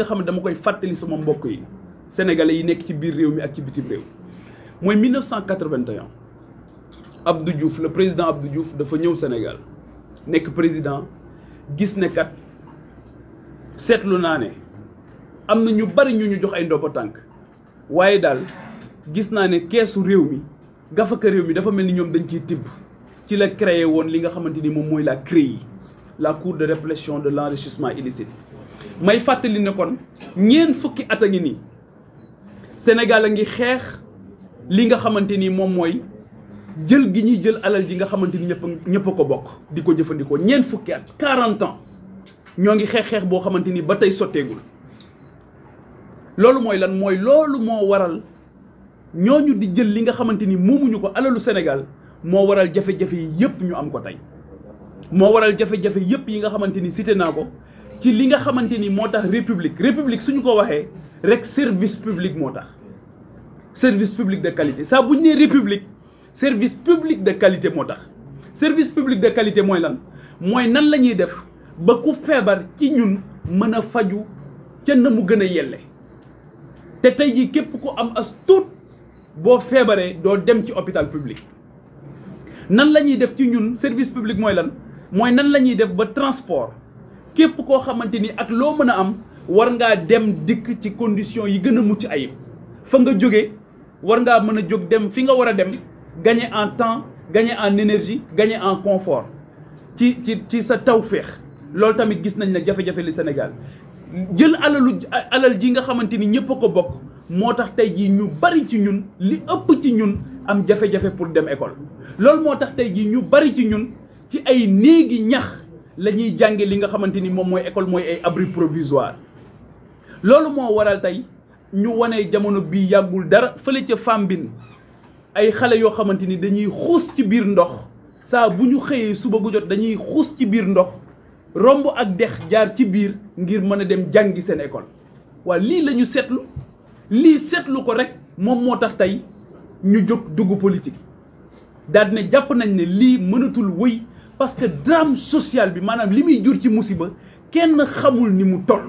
nga xamné dama koy fatali sama mbokk yi sénégalais yi nek ci biir réew mi ak ci bitim réew moy 1981 Abdou Diouf le président Abdou Diouf dafa ñëw Sénégal nek président gis ne kat setlu naa ne am ñu bari ñu ñu jox ay ndombo tank waye dal gis na né keesu réew mi ka réew mi dafa mel ni ñoom dañ ciy tib ci la créer woon li nga xamante mom moy la CREI la cour de répression de l'enrichissement illicite. may fàttali ne kon ñeent fukki at a ngi nii Sénégal a ngi xeex li nga xamante ni moom mooy jël gi ñuy jël alal ji nga xamante ni ñëpp ñëpp a ko bokk di ko jëfandikoo ñeent fukki at 40 ans ñoo ngi xeex xeex boo xamante ni ba tey sotteegul loolu mooy lan mooy loolu moo waral ñooñu di jël li nga xamante ni moomuñu ko alalu Sénégal moo waral jafe-jafe yi yëpp ñu am ko tey moo waral jafe-jafe yëpp yi nga xamante ni cité naa ko ci li nga xamante ni moo tax république république suñu ko waxee rek service publique moo tax service public de qualité saa bu ñu nee république service public de qualité moo tax service public de qualité mooy lan mooy nan la ñuy def ba ku feebar ci ñun mën a faju ca na mu gën a yelle te tey jii képp ku am as tuut boo feebaree doo dem ci hôpital public nan la ñuy def ci ñun service public mooy lan mooy nan la ñuy def ba transport képp koo xamante ni ak loo mën am war ngaa dem dikk ci condition yi gën mucc ayib fa nga war gagner en temps gagner en énergie gagner en confort ci ci sa loolu tamit gis nañ ne jafe-jafe li Sénégal jël alal ji nga ko ñu li ëpp am pour dem école loolu moo ñu la ñuy jànge li nga xamante ni moom mooy école mooy ay abri provisoire loolu moo waral tey ñu wane jamono bii yàggul dara fële ca Fambine ay xale yoo xamante ni dañuy xuus ci biir ndox saa bu ñu xëyee suba gu jot dañuy xuus ci biir ndox romb ak dex jaar ci biir ngir mën a dem jàngi seen école waa lii lañu seetlu lii seetlu ko rek moom moo tax tey ñu jóg dugg politique daal ne jàpp nañ ne lii mënatul wëy parce que drame social bi maanaam li muy jur ci musiba kenn xamul ni mu toll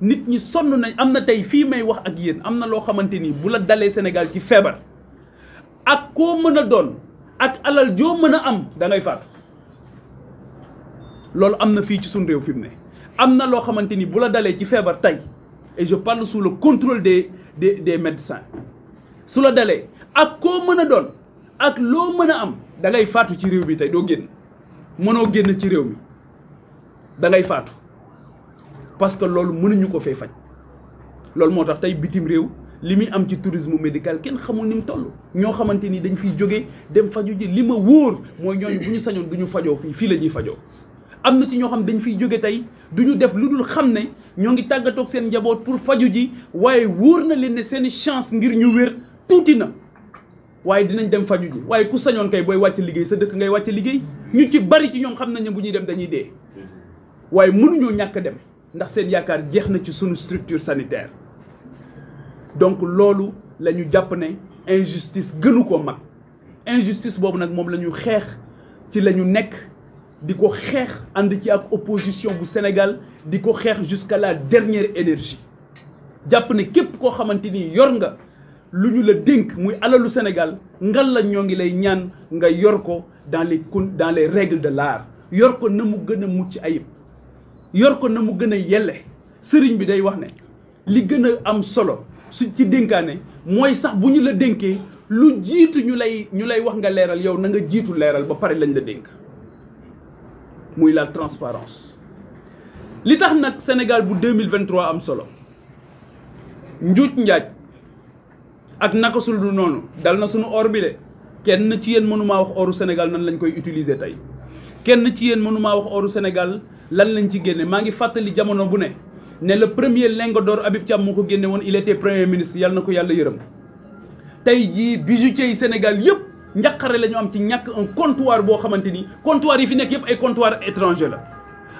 nit ñi sonn nañ am na tey fii may wax ak yéen am na loo xamante ni bu la dalee senegal ci feebar ak koo mën a doon ak alal joo mën a am da ngay loolu am na fii ci suñu réew fi mu ne am na loo xamante ni bu la dalee ci feebar tey je parle sous le des des des médecins su la dalee ak koo mën a doon ak loo mën a am dangay ngay faatu ci réew bi tey doo génn. mëno génn ci réew mi da ngay faatu parce que loolu mënuñu ko fay faj loolu moo tax tey bitim réew li muy am ci tourisme médical kenn xamul ni mu toll ñoo xamante ni dañ fiy jógee dem faju ji li ma wóor mooy ñooñu bu ñu sañoon du ñu fajoo fii fii la ñuy fajoo am na ci ñoo xam dañ fiy jóge tey du ñu def lu dul xam ne ñoo ngi tàggatoog seen njaboot pour faju ji waaye wóor na leen ne seen chance ngir ñu wér tuuti na waaye dinañ dem faju ji waaye ku sañoon kay booy wàcc liggéey sa dëkk ngay wàcc liggéey nous ci bari ci ñom faire des ne bu ñuy dem dañuy dee ñak dem ndax seen structure sanitaire donc loolu lañu japp né injustice gënu ko mag injustice bobu nak mom lañu xex ci opposition Sénégal jusqu'à la dernière énergie japp né képp ko yonga. lu ñu la dénk muy alalu Sénégal ngal la ñoo ngi lay ñaan nga yor ko dans les con dans les de l'art yor ko na mu gën a mucc ayib yor ko na mu gën a yelle sëriñ bi day wax ne li gën a am solo su ci dénkaane mooy sax bu ñu la dénkee lu jiitu ñu lay ñu lay wax nga leeral yow na nga jiitu leeral ba pare lañ la dénk muy la transparence li tax nag Sénégal bu 2023 am solo njuuj njaaj ak naka sul noonu dal na suñu or bi de kenn ci yéen mënuma wax oru Sénégal nan lañ koy utiliser tey kenn ci yéen mënumaa wax oru Sénégal lan lañ ci génne maa ngi fàttali jamono bu ne ne le premier lingot d'or Habib Thiam moo ko génne woon il était premier ministre yàlla na ko yàlla yërëm tey jii bijoutier yi Sénégal yëpp njaqare la ñu am ci ñàkk un comptoir boo xamante ni comptoir yi fi nekk yëpp ay comptoir étranger la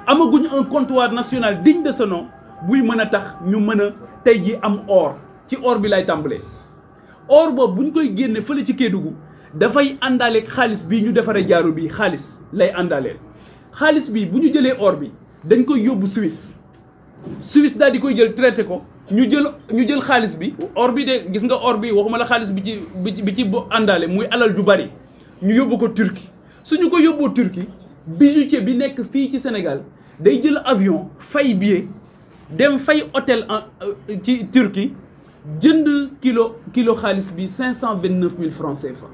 amaguñ un comptoir national digne de buy mën a tax ñu mën a tey jii am or ci or bi lay tàmbalee or boobu bu ñu koy génnee fële ci Kédougou dafay àndaaleeg xaalis bii ñu defaree jaaro bi xaalis lay àndaaleel xaalis bi bu ñu jëlee or bi dañ koy yóbbu Suisse Suisse daal di koy jël traité ko ñu jël ñu jël xaalis bi or bi de gis nga or bi waxuma la xaalis bi ci bi ci bo àndaale muy alal ju bari ñu yóbbu ko Turquie suñu ko yóbboo turki bijoutier bi nekk fii ci senegal day jël avion fay billet dem fay otel en euh, ci Turquie jënd kilo kilo xaalis bi cinq cent vingt neuf mille francs CFA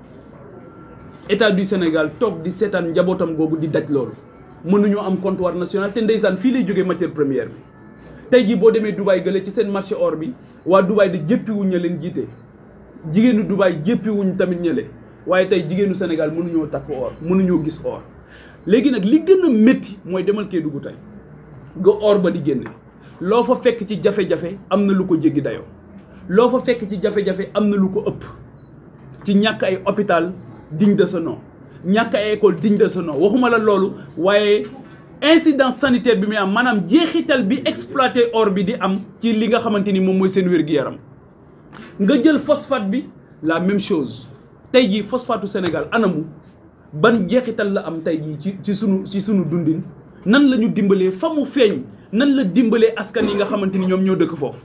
état du Sénégal toog di seetaan njabootam googu di daj loolu mënuñoo am comptoir national te ndeysaan fii lay jógee matière première bi tey jii boo demee Dubaay gële ci seen marché or bi waa Dubaay da jëppiwuñ ña leen jiite jigéenu Dubaay jëppiwuñ tamit ñële waaye tey jigéenu Sénégal mënuñoo takk or mënuñoo gis or léegi nag li gën a métti mooy demal kee dugg tey nga or ba di génne loo fa fekk ci jafe-jafe am na lu ko jéggi dayoo loo fa fekk ci jafe-jafe am na lu ko ëpp ci ñàkk ay hôpital diñ de ce nom ñàkk ay école diñ de ce nom waxuma la loolu waaye incidence sanitaire bi muy am maanaam jeexital bi exploité or bi di am ci li nga xamante ni moom mooy seen wér-gu-yaram nga jël phosphate bi la même chose tey jii phosphatu Sénégal anamu ban jeexital la am tey jii ci ci sunu ci sunu dundin nan la ñu dimbalee fa mu feeñ nan la dimbalee askan yi nga xamante ni ñoom ñoo dëkk foofu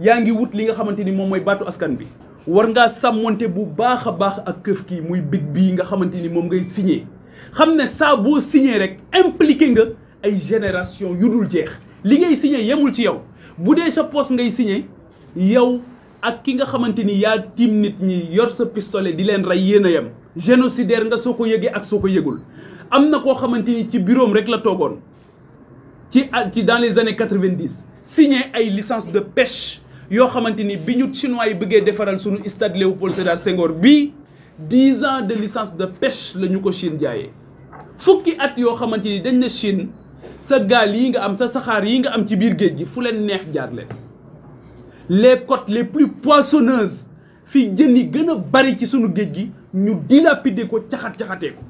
yaa ngi wut li nga xamante ni moom mooy baatu askan bi war ngaa sàmmonte bu baax baax ak këf kii muy big bii nga xamante ni moom ngay signé xam ne saa boo rek impliqué nga ay génération yu dul jeex li ngay signé yemul ci yow bu dee sa poste ngay signé yow ak ki nga xamante ni yaa tiim nit ñi yor sa pistolet di leen rey yéen a yem génocidaire nga soo ko yëgee ak soo ko yégul am na koo xamante ni ci bureau rek la toogoon ci ci dans les années quatre-vingt-dix ay licence de pêche yo xamanteni biñu chinois yi bëggé défaral suñu stade Léopold Sédar Senghor bi dix ans de licence de pêche lañu ko Chine jaayee fukki at yo xamanteni dañ na Chine sa gal yi nga am sa saxar yi nga am ci biir gi fu neex jaar leen les côtes les plus poissonneuses fi jën yi gën bari ci suñu géej gi ñu dilapider ko caxat-caxatee ko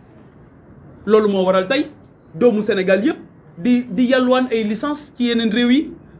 lolu mo waral tay doomu Sénégal yépp di di yalwaan ay licence ci yeneen réew yi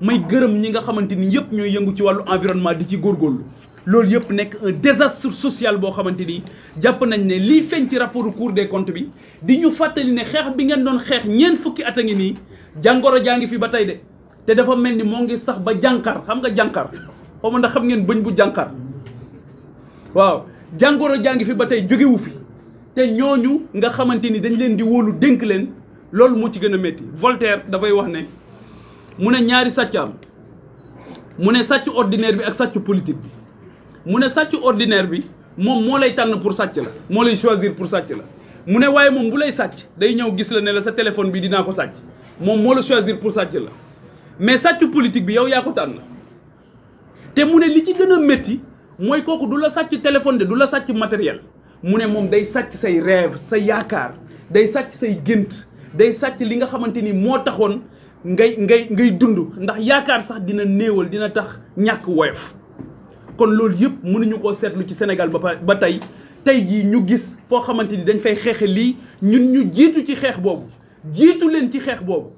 may gërëm ñi nga xamante ni yëpp ñooy yëngu ci wàllu environnement di ci góorgóorlu loolu yëpp nekk un désastre social boo xamante ni jàpp nañ ne lii feeñ ci rapport Cour de comptes bi di ñu fàttali ne xeex bi ngeen doon xeex ñeent fukki at a ngi nii jàngoro jaa ngi fi ba tey de te dafa mel ni moo ngi sax ba jànqar xam nga jànqar xaw ma ndax xam ngeen bëñ bu jànqar waaw jàngoro jaa ngi fi ba tey jógewu fi te ñooñu nga xamante ni dañ leen di wóolu dénk leen loolu moo ci gën a métti Voltaire dafay wax ne mu ne ñaari sàcc am mu ne sàcc ordinaire bi ak sàcc politique bi mu ne sàcc ordinaire bi moom moo lay tànn pour sàcc la moo lay choisir pour sàcc la mu ne waaye moom bu lay sàcc day ñëw gis la ne la sa téléphone bi dinaa ko sàcc moom moo la choisir pour sàcc la mais sàcc politique bi yow yaa ko tànn te mu ne li ci gën a métti mooy kooku du la sàcc téléphone de du la sàcc matériel mu ne moom day sàcc say rêve sa yaakaar day sàcc say gént day sàcc li nga xamante ni moo taxoon ngay ngay ngay dund ndax sax dina neewal dina tax kon lool mënuñu ko ci Sénégal ba ba tay tey ñu gis fo xamanteni dañ fay xeexe li ñun ñu jitu ci xex nous jitu len ci xex bobu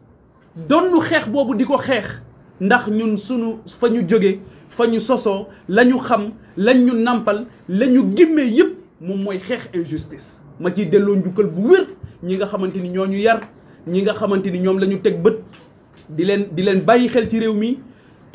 donnu xex bobu di ko ndax ñun sunu que nous fañu soso, que xam lañ ñu nàmpal injustice ma ci delo njukkal bu wër ñi nga xamanteni ni yar ñi nga di len di len bayyi xel ci réew mi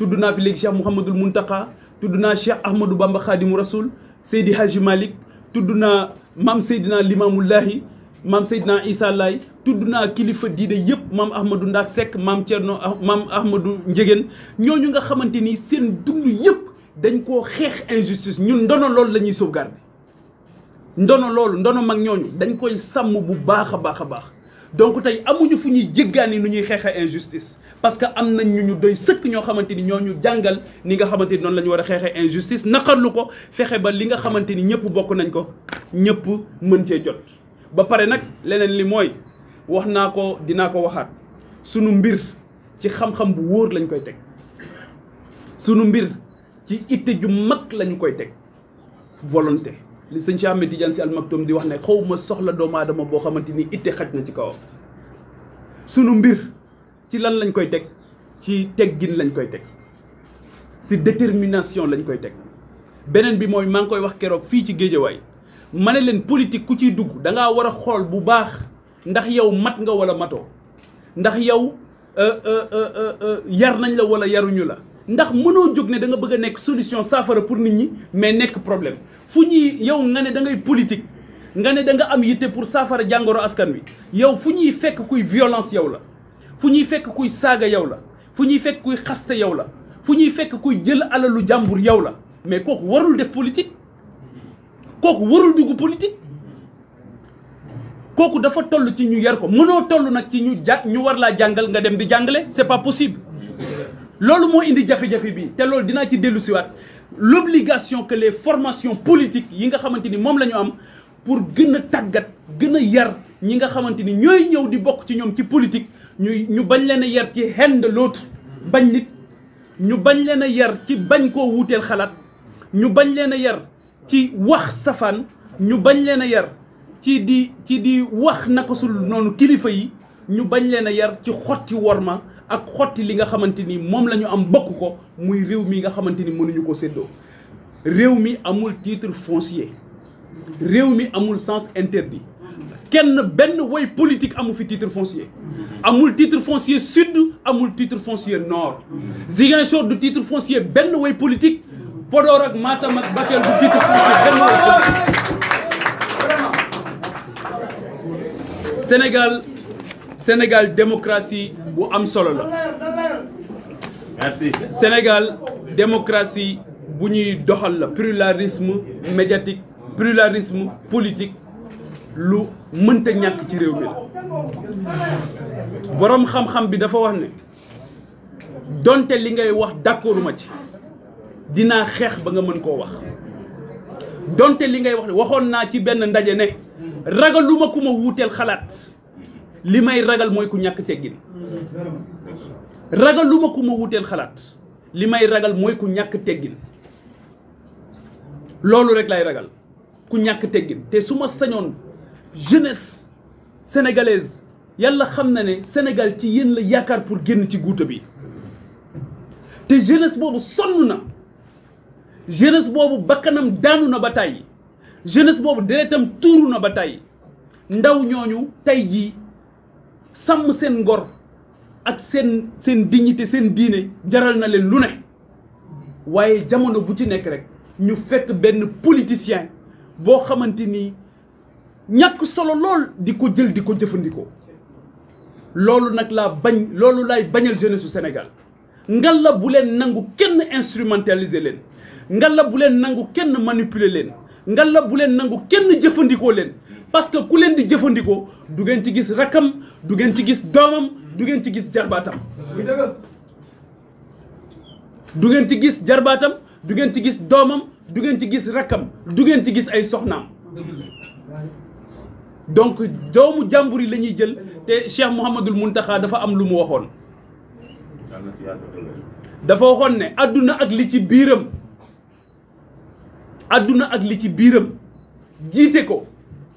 fi cheikh mohammedul muntaka tuduna cheikh ahmadou bamba xaadimu rasul seydi haji malik tuduna Mam maam seydina limaamullahi Mam seydina isa lay tuduna kilifa diide yep mam ahmadou ndak sek mam tierno mam ahmadou njegen ñoñu nga xamanteni ni seen dund yep dañ ko xex injustice ñun ndono lol lañuy sauvegarder ndono lol ndono mak ñoñu dañ koy sam bu baax a baax donc tey amuñu fu ñuy jéggaani nu ñuy xeexee injustice parce que am nañ ñu ñu doy sëkk ñoo xamante ni ñoo ñu jàngal ni nga xamante ni noonu lañu ñu war a xeexee injustice naqarlu ko fexe ba li nga xamante ni ñëpp bokk nañ ko ñëpp mën cee jot. ba pare nag leneen li mooy wax naa ko dinaa ko waxaat sunu mbir ci xam-xam bu wóor lañ koy teg sunu mbir ci itte ju mag lañu koy teg volonté. li sëñ Cheikh Ahmed Tidiane Sy Al Maktoum di wax ne xaw ma soxla doomaadama boo xamante ni ite xaj na ci kawam sunu mbir ci lan lañ koy teg ci teggin lañ koy teg si détermination lañ koy teg beneen bi mooy maa ngi koy wax keroog fii ci géejawaay ma ne leen politique ku ciy dugg da ngaa war a xool bu baax ndax yow mat nga wala matoo ndax yow euh, euh, euh, yar nañ la wala yaruñu la. ndax mënoo jóg ne da nga bëgg a solution safara pour nit ñi mais nek problème fu yow nga né da ngay politique nga né da nga am yité pour safara jangoro askan wi yow fu fekk kuy violence yow la fu fekk kuy saga yow la fu fekk kuy xaste yow la fu fekk kuy jël alalu jambour yow la mais kooku warul def politique kooku warul dugg politique koku dafa toll ci ñu yar ko mëno toll nak ci ñu ñu war la jangal nga dem di jangalé c'est pas possible lolu mo indi jafé jafé bi té loolu dina ci l'obligation que les formations politiques yi nga pour gëna tagat gëna yar ñi nga ñoy di ci ci politique ñu ñu bañ yar ci l'autre bañ nit ñu bañ yar ci bañ ko xalat ñu bañ yar ci wax safan, ñu bañ yar ci di ci di wax nakasul nonu kilifa yi ñu bañ yar ci worma ak xotti li nga xamanteni mom lañu am bokk ko muy réew mi nga xamanteni mënuñu ko séddoo réew mi amul titre foncier réew mi amul sens interdit kenn benn way politique amul fi titre foncier amul titre foncier sud amul titre foncier nord Ziguinchor du titre foncier benn way politique Podor ak Matam ak Bakel du titre foncier benn way politique Sénégal Sénégal démocratie bu am solo la. merci Sénégal démocratie bu ñuy doxal la pluralisme médiatique pluralisme politique lu mënta ñak ci réew mi borom xam-xam bi dafa wax ne donté li ngay wax d'accord ci dina xex ba nga mën ko wax donté li ngay wax waxon na ci ben ndaje ne ragaluma kuma wutel khalat li may ragal mooy ku ñàkk teggin ragal ku ma wuteel xalaat li may ragal mooy ku ñàkk teggin loolu rek lay ragal ku ñàkk teggin te su ma sañoon jeunesse sénégalaise yàlla xam na ne senegal ci yéen la yaakaar pour génn ci guuta bi te jeunesse boobu sonn na jeunesse boobu bakkanam daanu na ba tàyyi jeunesse boobu deretam tuuru na ba tàyyi ndaw ñooñu tey jii sam sen ngor ak sen sen dignité sen diine jaral na len lu ne jamono bu ci nek rek ñu fekk ben politicien bo xamanteni ñak solo lol di jël diko jëfëndiko lolou nak la Sénégal ngal la bu len nangu kenn instrumentaliser manipuler len ngal bu nangu parce que ku leen di jëfandikoo du ngeen ci gis rakkam du ngeen ci gis doomam du ngeen ci gis jarbaatam du ngeen ci gis jarbaatam du ngeen ci gis doomam du ngeen ci gis rakkam du ngeen ci gis ay soxnaam donc doomu jàmbur yi lañuy jël te Cheikh Mouhamadul Muntaxa dafa am lu mu waxoon dafa waxoon ne àdduna ak li ci biiram àdduna ak li ci biiram jiite ko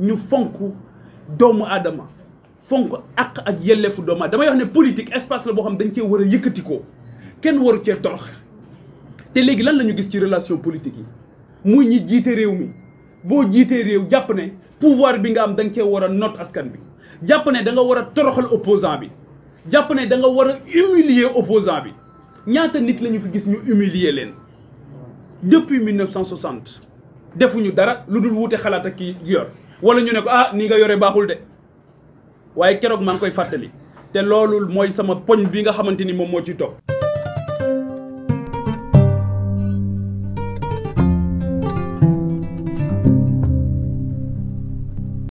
ñu fonk doomu aadama fonk àq ak yelleefu dooma aadama damay wax ne politique espace la boo xam dañ cee war a yëkkati ko kenn waru cee torox te léegi lan la ñu gis ci relation politique yi muy ñi jiite réew mi boo jiitee réew jàpp ne pouvoir bi nga am da nga cee war a noot askan bi jàpp ne da nga war a toroxal opposant bi jàpp ne da nga war a humilier opposant bi ñaata nit la ñu fi gis ñu humilier leen depuis 1960. defuñu dara lu dul wuute xalaat ak ki yor wala ñu ne ko ah ni nga yore baaxul de waaye keroog maa ngi koy fàttali te loolu mooy sama poñ bi nga xamante ni moom moo ci topp